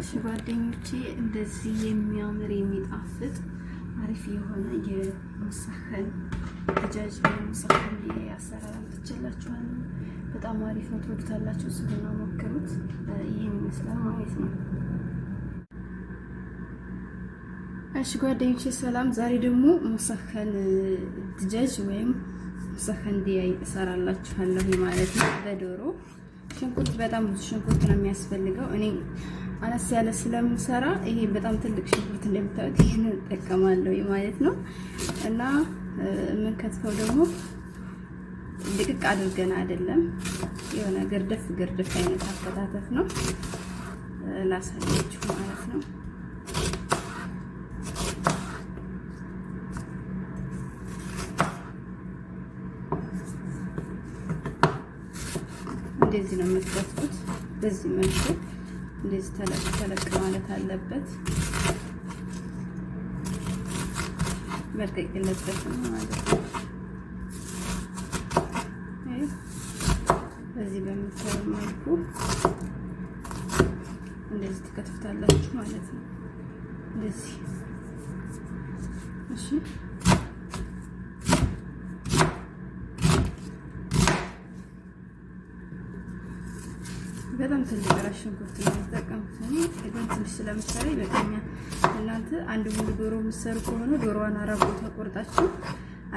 እሺ ጓደኞቼ እንደዚህ የሚያምር የሚጣፍጥ አሪፍ የሆነ የሙሳኸን ደጃጅ ሙሳኸን አሰራር አምጥቼላችኋለሁ። በጣም አሪፍ ነው፣ ትወዱታላችሁ። ስሉና ሞክሩት። ይህን ይመስላል ማለት ነው። እሺ ጓደኞቼ ሰላም። ዛሬ ደግሞ ሙሳኸን ድጃጅ ወይም ሙሳኸን ዲያ እሰራላችኋለሁ ማለት ነው። በዶሮ ሽንኩርት፣ በጣም ብዙ ሽንኩርት ነው የሚያስፈልገው እኔ አነስ ያለ ስለምሰራ ይሄ በጣም ትልቅ ሽንኩርት እንደምታዩት ይሄን እጠቀማለሁ ማለት ነው። እና የምንከትፈው ደግሞ ድቅቅ አድርገን አይደለም፣ የሆነ ግርደፍ ግርድፍ አይነት አከታተፍ ነው ላሳያችሁ ማለት ነው። እንደዚህ ነው የምትከትፉት በዚህ መልኩ እንደዚህ ተለቅ ተለቅ ማለት አለበት። መልቀቅ የለበትም ማለት ነው። በዚህ በምታዩ መልኩ እንደዚህ ትከትፍታላችሁ ማለት ነው። እንደዚህ እሺ በጣም ትልቅ ራስ ሽንኩርት እየተጠቀምኩት እኔ በጣም ትንሽ ስለምሳሌ ይበቃኛል። እናንተ አንድ ሙሉ ዶሮ የምትሰሩ ከሆነ ዶሮዋን አራት ቦታ ቆርጣችሁ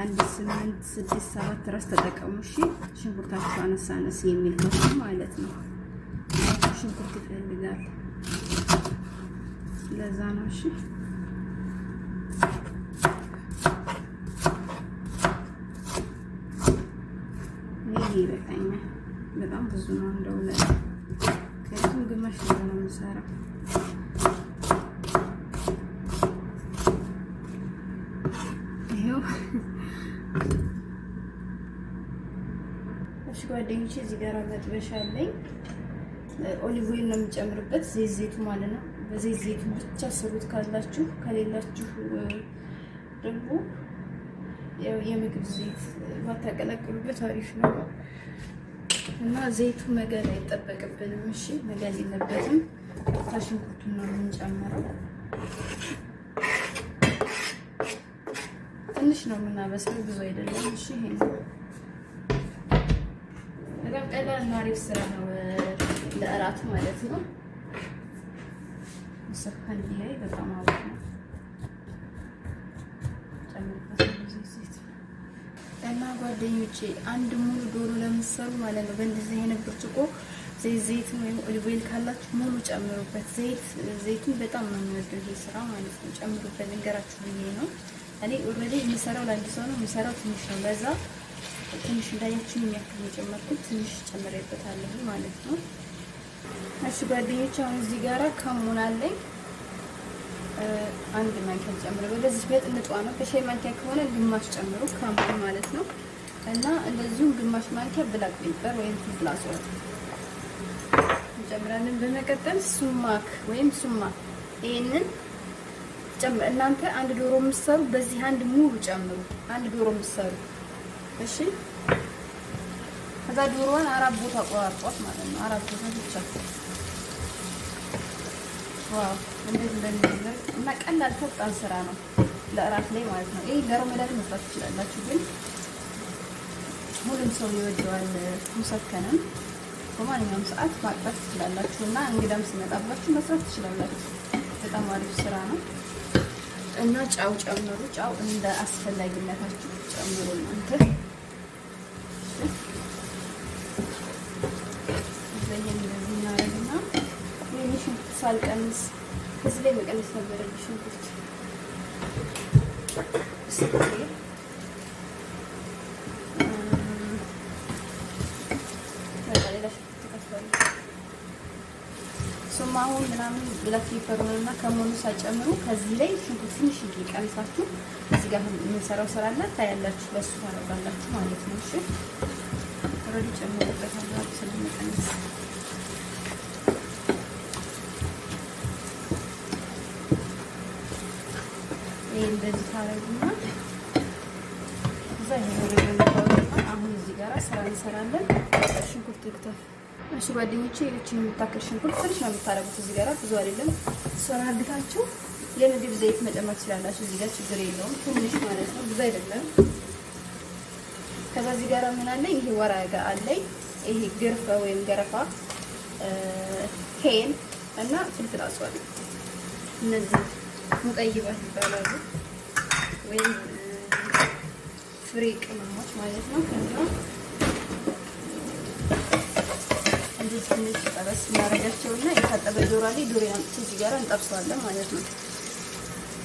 አንድ ስምንት ስድስት ሰባት ራስ ተጠቀሙ። እሺ ሽንኩርታችሁ አነስ አነስ የሚል ከሆነ ማለት ነው። ሽንኩርት ይፈልጋል። ለዛ ነው እሺ ይሄ ይበቃኛል። በጣም ብዙ ነው እንደውለት ግማሽ ነው የምሰራው። ይሄው እሺ ጓደኞቼ፣ እዚህ ጋር መጥበሻ አለኝ። ኦሊቭ ኦይል ነው የምጨምርበት፣ ዘይት ዘይቱ ማለት ነው። በዘይት ዘይቱ ብቻ ስሩት ካላችሁ፣ ከሌላችሁ ደግሞ የምግብ ዘይት ባታቀላቅሉበት አሪፍ ነው። እና ዘይቱ መገል አይጠበቅብንም። እሺ መገል የለበትም። ሽንኩርቱን ነው የምንጨምረው። ትንሽ ነው የምናበስለው፣ ብዙ አይደለም። እሺ ይሄ በጣም ቀላል እና አሪፍ ስራ ነው ለእራት ማለት ነው። ሰፋን ይሄ በጣም አሪፍ ነው። እና ጓደኞቼ አንድ ሙሉ ዶሮ ለምትሰሩ ማለት ነው በእንደዚህ አይነት ብርጭቆ ዘይት ዘይት ወይም ኦሊቭ ኦይል ካላችሁ ሙሉ ጨምሩበት። ዘይት ዘይቱን በጣም ነው የሚወደው ይሄ ስራ ማለት ነው። ጨምሩበት። እንገራችሁ ብዬ ነው እኔ ኦልሬዲ የምሰራው ለአንድ ሰው ነው የምሰራው። ትንሽ ነው በዛ ትንሽ እንዳያችሁ የሚያክል የጨመርኩት ትንሽ ጨምሬበታለሁ ማለት ነው። እሺ ጓደኞች፣ አሁን እዚህ ጋራ ከሙን አለኝ አንድ ማንኪያ ጨምረው። በዚህ ቤት በጥንጧ ነው። ከሻይ ማንኪያ ከሆነ ግማሽ ጨምሩ፣ ካምፕ ማለት ነው። እና እንደዚሁም ግማሽ ማንኪያ ብላክ ፔፐር ወይም ፍላስ እንጨምራለን። በመቀጠል ሱማክ ወይም ሱማ ይሄንን እናንተ አንድ ዶሮ የምትሰሩ በዚህ አንድ ሙሉ ጨምሩ። አንድ ዶሮ የምትሰሩ እሺ። ከዛ ዶሮዋን አራት ቦታ ቆራርጧት ማለት ነው። አራት ቦታ ብቻ እንደዚህ እንደዚህ ነገር እና ቀላል ፈጣን ስራ ነው ለእራት ላይ ማለት ነው። ይህ ለረመዳን መስራት ትችላላችሁ፣ ግን ሁሉም ሰው ይወደዋል። ሙሰከንም በማንኛውም ሰዓት ማቅረብ ትችላላችሁ እና እንግዳም ሲመጣባችሁ መስራት ትችላላችሁ። በጣም አሪፍ ስራ ነው እና ጫው ጨምሩ። ጫው እንደ አስፈላጊነታችሁ ጨምሩ እናንተ አልቀንስ እዚህ ላይ መቀነስ ነበረብሽ። ሽንኩርት ሱማሁን ምናምን ብላክ ሊፈሩንና ከመሆኑ ሳጨምሩ ከዚህ ላይ ሽንኩርት ትንሽ ቀንሳችሁ እዚህ ጋር የምንሰራው ስራ አለ ታያላችሁ። በሱ ታረጋላችሁ ማለት ነው። እሺ ረዲ ጨምሮበታል ስለመቀነስ ይሄን በዚህ ታረጉና እዛ አሁን እዚህ ጋር ስራ እንሰራለን። ሽንኩርት ይክተፍ። እሺ ጓደኞቼ፣ ይችን የምታክል ሽንኩርት ትንሽ ነው የምታረጉት። እዚህ ጋር ብዙ አይደለም። እሷን አርግታችሁ የምግብ ዘይት መጨመር ትችላላችሁ። እዚህ ጋር ችግር የለውም። ትንሽ ማለት ነው፣ ብዙ አይደለም። ከዛ እዚህ ጋር ምን አለኝ? ይሄ ወራጋ አለኝ። ይሄ ግርፈ ወይም ገረፋ፣ ሄን እና ፍልፍል አስዋል እነዚህ ሙጠይባት ይባላሉ ወይም ፍሬ ቅመሞች ማለት ነው። ከዛ እንደዚህ ትንሽ ጠበስ እናደርጋቸውና የታጠበ ዶሮ ላይ ዶሮ እዚህ ጋር እንጠብሰዋለን ማለት ነው።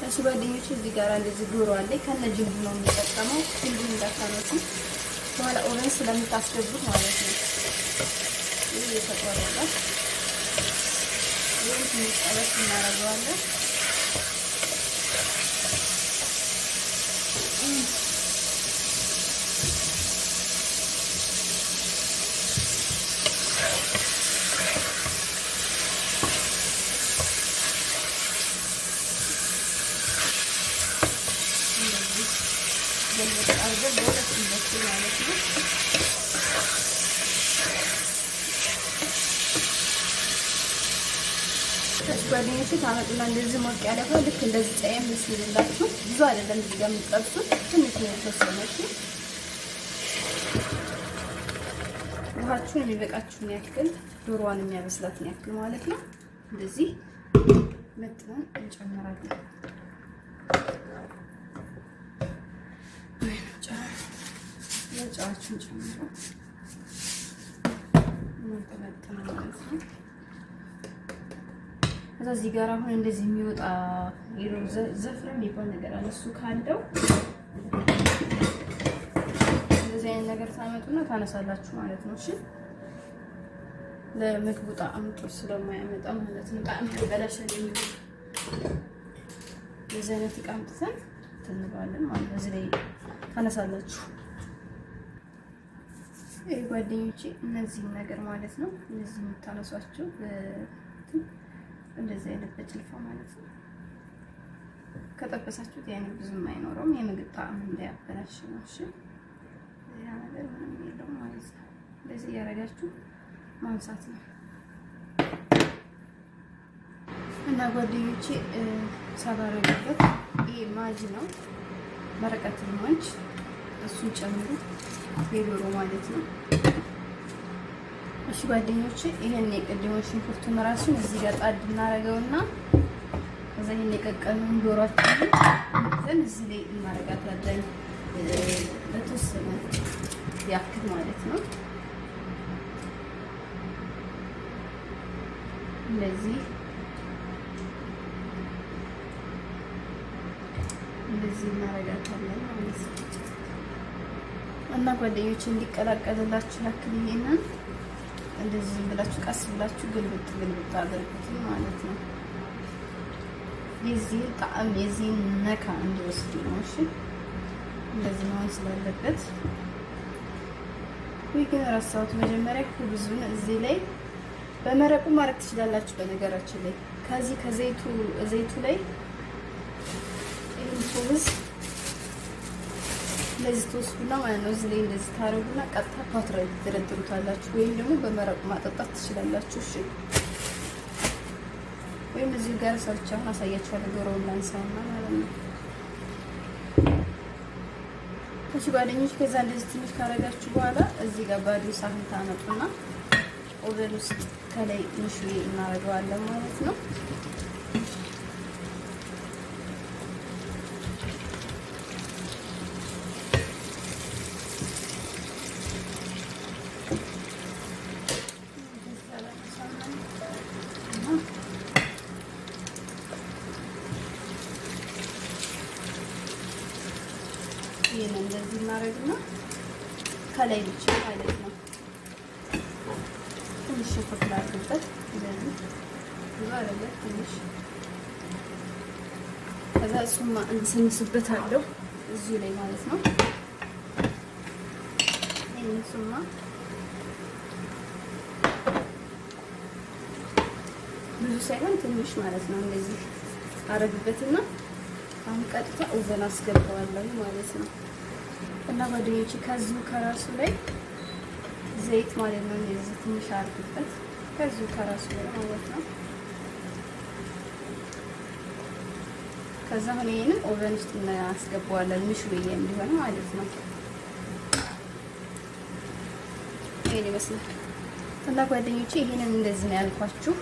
እሱ ጓደኞች እዚህ ጋር እንደዚህ ዶሮ አለ ከነ ጅንቡ ነው የሚጠቀመው። ጅንቡ እንዳታነሱ በኋላ ኦቨን ስለምታስገቡት ማለት ነው። ይህ የተቆረጠ ይህ ትንሽ ጠበስ እናደርገዋለን። ገልበጥ አድርገን በሁለት ይበስል ማለት ነው። ጓደኞች ታመጡና እንደዚህ ሞቅ ያለ ሆ ልክ እንደዚህ ጸየም ሲልላችሁ ብዙ አይደለም እዚህ ጋር ትንሽ ነው የተወሰነች ውሃችሁን የሚበቃችሁን ያክል ዶሮዋን የሚያበስላትን ያክል ማለት ነው። እንደዚህ መጥነን እንጨምራለን። ጫዋችን ጨምሮ ከዛ እዚህ ጋር አሁን እንደዚህ የሚወጣ ዘፍረን የሚባል ነገር አለ። እሱ ካለው እንደዚህ አይነት ነገር ታመጡና ታነሳላችሁ ማለት ነው። እሺ ለምግቡ ጣዕም ጥሩ ስለማያመጣ ማለት ነው። ጣዕም አይነት እቃ አምጥተን ትንባለን ማለት ነው። እዚህ ላይ ታነሳላችሁ። ጓደኞቼ እነዚህን ነገር ማለት ነው። እነዚህ የምታነሷቸው እንደዚህ አይነት በጭልፋ ማለት ነው። ከጠበሳችሁት ያን ብዙም አይኖረውም። የምግብ ጣዕም እንዳያበላሽ ነው። እሺ፣ ሌላ ነገር ምንም የለውም ማለት ነው። እንደዚህ እያደረጋችሁ ማንሳት ነው እና ጓደኞቼ ሳባረግበት ይሄ ማጅ ነው። በረቀት ማጅ እሱን ጨምሩ። የዶሮ ማለት ነው። እሺ ጓደኞች ይሄን የቀደመው ሽንኩርቱን ራሱን እዚህ ጋር ጣድ እናደርገውና ከዛ ይሄን የቀቀሉን ዶሯችንን ዘን እዚህ ላይ እናደርጋታለን በተወሰነ ያክል ማለት ነው። እንደዚህ እንደዚህ እናደርጋታለን ማለት ነው። እና ጓደኞች እንዲቀላቀልላችሁ ያክል ይሄንን እንደዚህ ብላችሁ ቀስ ብላችሁ ግልብጥ ግልብጥ አድርጉት ማለት ነው። የዚህ ጣዕም የዚህ ነካ እንዲወስድ ነው። እሺ እንደዚህ መሆን ስላለበት ወይ ግን ረሳሁት። መጀመሪያ ኩብዙን እዚህ ላይ በመረቁ ማድረግ ትችላላችሁ። በነገራችን ላይ ከዚህ ከዘይቱ ዘይቱ ላይ ይህን እንደዚህ ትወስዱና ማለት ነው። እዚህ ላይ እንደዚህ ታረጉና ቀጥታ ፓትራ ትደረድሩታላችሁ፣ ወይም ደግሞ በመረቅ ማጠጣት ትችላላችሁ። እሺ፣ ወይም እዚህ ጋር ሰርቻውን አሳያችኋለሁ። ዶሮውን ላንሳውና ማለት ነው። እሺ ጓደኞች፣ ከዛ እንደዚህ ትንሽ ካረጋችሁ በኋላ እዚህ ጋር ባዶ ሳህን ታመጡና ኦቨን ውስጥ ከላይ ትንሽ እናረገዋለን ማለት ነው። ብዙ አይደለም ትንሽ። ከዛ እሱማ እንሰንስበት አለው እዚሁ ላይ ማለት ነው። እሱማ ብዙ ሳይሆን ትንሽ ማለት ነው። እንደዚህ አረግበትና አሁን ቀጥታ ኦቨን አስገባዋለሁ ማለት ነው። እና ጓደኞቼ ከዚሁ ከራሱ ላይ ዘይት ማለት ነው እንደዚህ ትንሽ አርግበት ከዚሁ ከራሱ ላይ ማለት ነው። ከዛ አሁን ይሄንም ኦቨን ውስጥ እናስገባዋለን፣ ምሽውዬ እንዲሆን ማለት ነው። ይሄን ይመስላል እና ጓደኞቼ ይህንን እንደዚህ ነው ያልኳችሁ።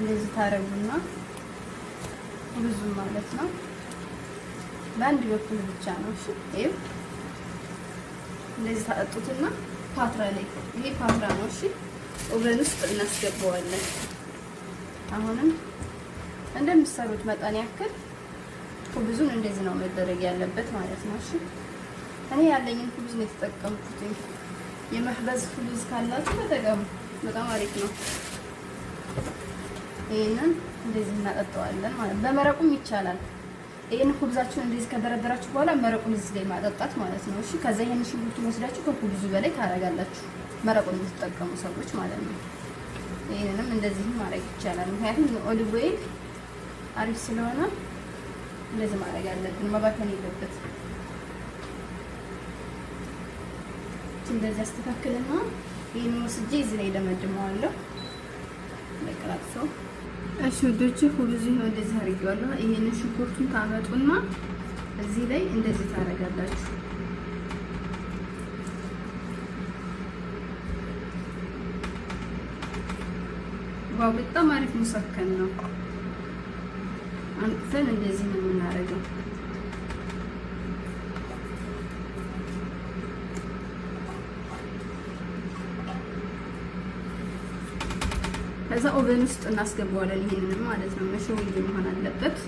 እንደዚህ ታረጉና ብዙም ማለት ነው በአንድ በኩል ብቻ ነው። እሺ ይሄው እንደዚህ ታጠጡትና ፓትራ ላይ ይሄ ፓትራ ነው። እሺ ኦቨን ውስጥ እናስገባዋለን። አሁንም እንደምትሰሩት መጠን ያክል ኩብዙን እንደዚህ ነው መደረግ ያለበት ማለት ነው። እሺ እኔ ያለኝን ኩብዝ ነው የተጠቀምኩት። የመህበዝ ኩብዝ ካላችሁ ተጠቀሙ፣ በጣም አሪፍ ነው። ይሄንን እንደዚህ እናጠጣዋለን ማለት በመረቁም ይቻላል። ይሄን ኩብዛችሁን እንደዚህ ከደረደራችሁ በኋላ መረቁን እዚህ ላይ ማጠጣት ማለት ነው። እሺ ከዛ ይሄን ሽንኩርቱን ወስዳችሁ ከኩብዙ በላይ ታረጋላችሁ። መረቁን የምትጠቀሙ ሰዎች ማለት ነው። ይህንንም እንደዚህም ማድረግ ይቻላል። ምክንያቱም ኦሊቭ ኦይል አሪፍ ስለሆነ እንደዚህ ማድረግ አለብን። መባከን የለበት። እንደዚህ አስተካክልና ይህን ወስጄ እዚህ ላይ ደመድመዋለሁ ለቅላቅሰው። እሺ ወዶች ሁሉ ነው እንደዚህ አድርጌዋለሁ። ይህንን ሽንኩርቱን ታመጡና እዚህ ላይ እንደዚህ ታደርጋላችሁ። ዋው በጣም አሪፍ ሙሰከን ነው። አንተን እንደዚህ ነው የምናደርገው። ከዛ ኦቨን ውስጥ እናስገባዋለን። ይሄንንም ማለት ነው መሸው መሆን አለበት።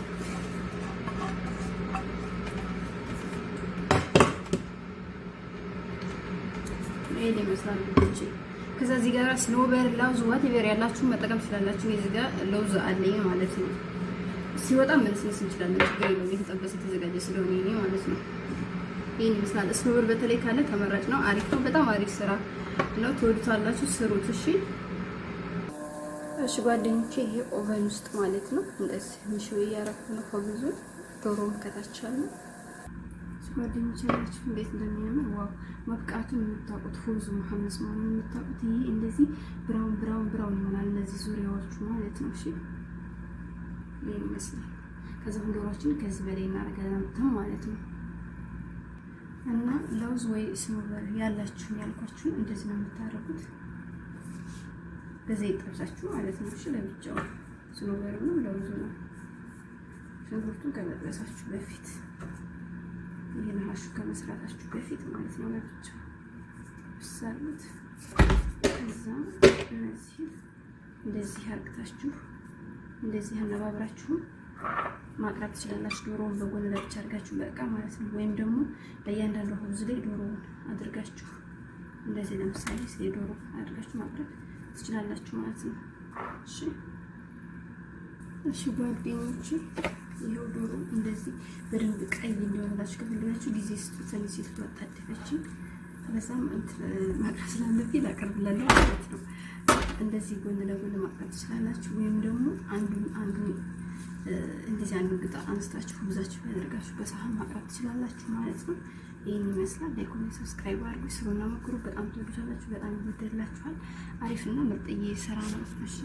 ይሄን ይመስላል ልጅ ከዛ እዚህ ጋር ስኖበር ላውዝ ዋቴቨር ያላችሁ መጠቀም ትችላላችሁ። እዚህ ጋር ለውዝ አለኝ ማለት ነው። ሲወጣ መልስልስ እንችላለን። ችግር የለውም። የተጠበሰ የተዘጋጀ ስለሆነ ይሄ ማለት ነው። ይሄን ይመስላል። ስኖበር በተለይ ካለ ተመራጭ ነው። አሪፍ ነው። በጣም አሪፍ ስራ ነው። ትወዱታላችሁ። ስሩት። እሺ እሺ ጓደኞቼ፣ ይሄ ኦቨን ውስጥ ማለት ነው። እንደዚህ ምሽው እያረኩ ነው። ከብዙ ዶሮ ከታች አለ ጓደኞቻችሁ እንዴት እንደሚያምር ዋው! መብቃቱን የምታውቁት ፎዙ መሐመስ መሆኑን የምታውቁት ይሄ እንደዚህ ብራውን ብራውን ብራውን ይሆናል። እነዚህ ዙሪያዎቹ ማለት ነው። እሺ ይህ ይመስላል። ከዛ ዶሯችን ከዚህ በላይ እናደርጋለን ማለት ነው። እና ለውዝ ወይ ስኖበር ያላችሁን ያልኳችሁን እንደዚህ ነው የምታደርጉት። በዘይት ጠብሳችሁ ማለት ነው። እሺ ለብቻው ስኖበር ነው ለውዙ ነው ሽንኩርቱን ከመጥበሳችሁ በፊት ይህን ሀሹ ከመስራታችሁ በፊት ማለት ነው። ለብቻ ብሰሩት ከዛ እነዚህ እንደዚህ አርግታችሁ እንደዚህ አነባብራችሁ ማቅረብ ትችላላችሁ። ዶሮውን በጎን ለብቻ አድርጋችሁ በቃ ማለት ነው። ወይም ደግሞ ለእያንዳንዱ ሀውዝ ላይ ዶሮውን አድርጋችሁ እንደዚህ ለምሳሌ ስለ ዶሮ አድርጋችሁ ማቅረብ ትችላላችሁ ማለት ነው። እሺ እሺ ጓደኞቼ ይኸው ዶሮ እንደዚህ በደንብ ቀይ እንዲሆንላችሁ ከፈለጋችሁ ጊዜ ስጡ። እኔ ሴትቷ አጣደፈችኝ። በዛም ማቅረብ ስላለብኝ ላቀርብላለሁ ማለት ነው። እንደዚህ ጎን ለጎን ማቅረብ ትችላላችሁ። ወይም ደግሞ አንዱን አንዱን እንደዚህ አንዱ ግጣ አንስታችሁ ብዛችሁ ያደርጋችሁ በሳህን ማቅረብ ትችላላችሁ ማለት ነው። ይህን ይመስላል። ላይክ፣ ሰብስክራይብ አድርጉ። ስሩና ሞክሩ። በጣም ትወዱታላችሁ። በጣም ይወደድላችኋል። አሪፍና ምርጥዬ ስራ ነው። እሺ